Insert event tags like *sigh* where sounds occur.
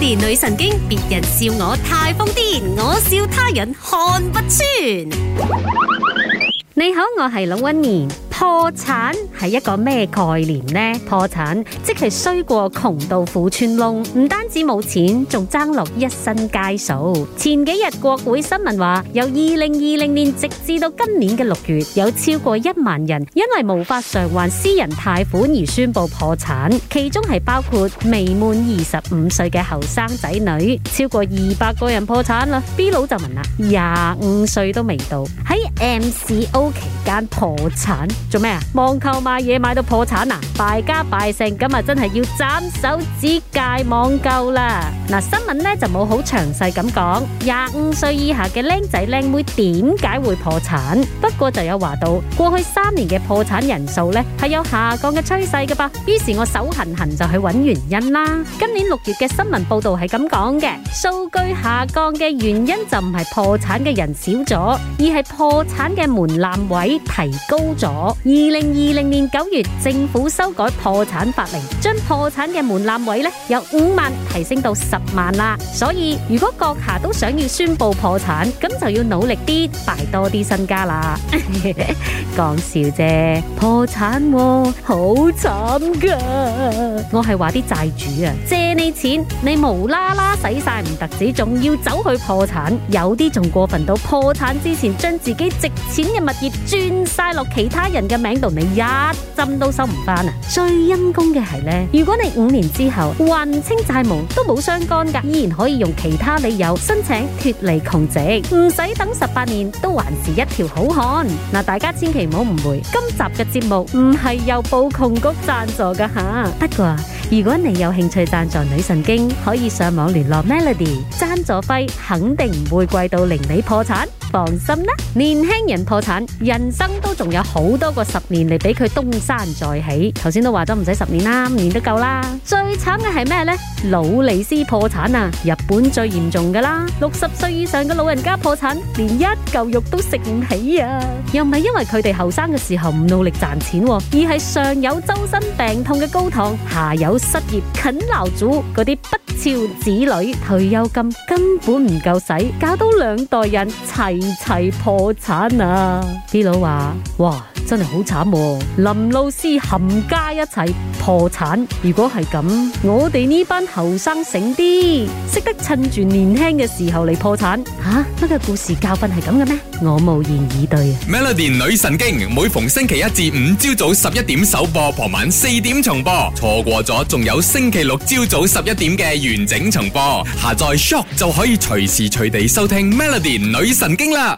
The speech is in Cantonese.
連女神經，別人笑我太瘋癲，我笑他人看不穿。你好，我係龍紋敏。破產係一個咩概念呢？破產即係衰過窮到褲穿窿，唔單止冇錢，仲爭落一身街數。前幾日國會新聞話，由二零二零年直至到今年嘅六月，有超過一萬人因為無法償還私人貸款而宣布破產，其中係包括未滿二十五歲嘅後生仔女，超過二百個人破產啦。B 佬就問啦，廿五歲都未到喺 MCO 期間破產。做咩啊？網購買嘢買到破產啊？敗家敗性，咁咪真係要斬手指戒網購啦！嗱、啊，新聞咧就冇好詳細咁講廿五歲以下嘅靚仔靚妹點解會破產，不過就有話到過去三年嘅破產人數咧係有下降嘅趨勢噶噃。於是我手痕痕就去揾原因啦。今年六月嘅新聞報道係咁講嘅，數據下降嘅原因就唔係破產嘅人少咗，而係破產嘅門檻位提高咗。二零二零年九月，政府修改破產法令，將破產嘅門檻位咧由五萬提升到十萬啦。所以如果閣下都想要宣布破產，咁就要努力啲，敗多啲身家啦。講笑啫，破產好慘㗎。慘我係話啲債主啊，借你錢，你無啦啦使晒唔得止，仲要走去破產，有啲仲過分到破產之前將自己值錢嘅物業轉晒落其他人。嘅名度你一針都收唔返啊！最陰功嘅係呢，如果你五年之後還清債務都冇相干噶，依然可以用其他理由申請脱離窮籍，唔使等十八年都還是一條好漢。嗱，大家千祈唔好誤會，今集嘅節目唔係由報窮局讚助噶吓，不、啊、過。如果你有興趣贊助女神經，可以上網聯絡 Melody，贊助費肯定唔會貴到令你破產，放心啦。年輕人破產，人生都仲有好多個十年嚟俾佢東山再起。頭先都話咗唔使十年啦，五年都夠啦。最慘嘅係咩呢？老尼斯破產啊，日本最嚴重噶啦。六十歲以上嘅老人家破產，連一嚿肉都食唔起啊！又唔係因為佢哋後生嘅時候唔努力賺錢，啊，而係上有周身病痛嘅高堂，下有，失業啃老族嗰啲不肖子女，退休金根本唔夠使，搞到兩代人齊齊破產啊！啲佬話：哇！ *noise* *noise* *noise* 真係好慘，林老師冚家一齊破產。如果係咁，我哋呢班後生醒啲，識得趁住年輕嘅時候嚟破產吓。乜嘅故事教訓係咁嘅咩？我無言以對。Melody 女神經每逢星期一至五朝早十一點首播，傍晚四點重播，錯過咗仲有星期六朝早十一點嘅完整重播。下載 Shock 就可以隨時隨地收聽 Melody 女神經啦。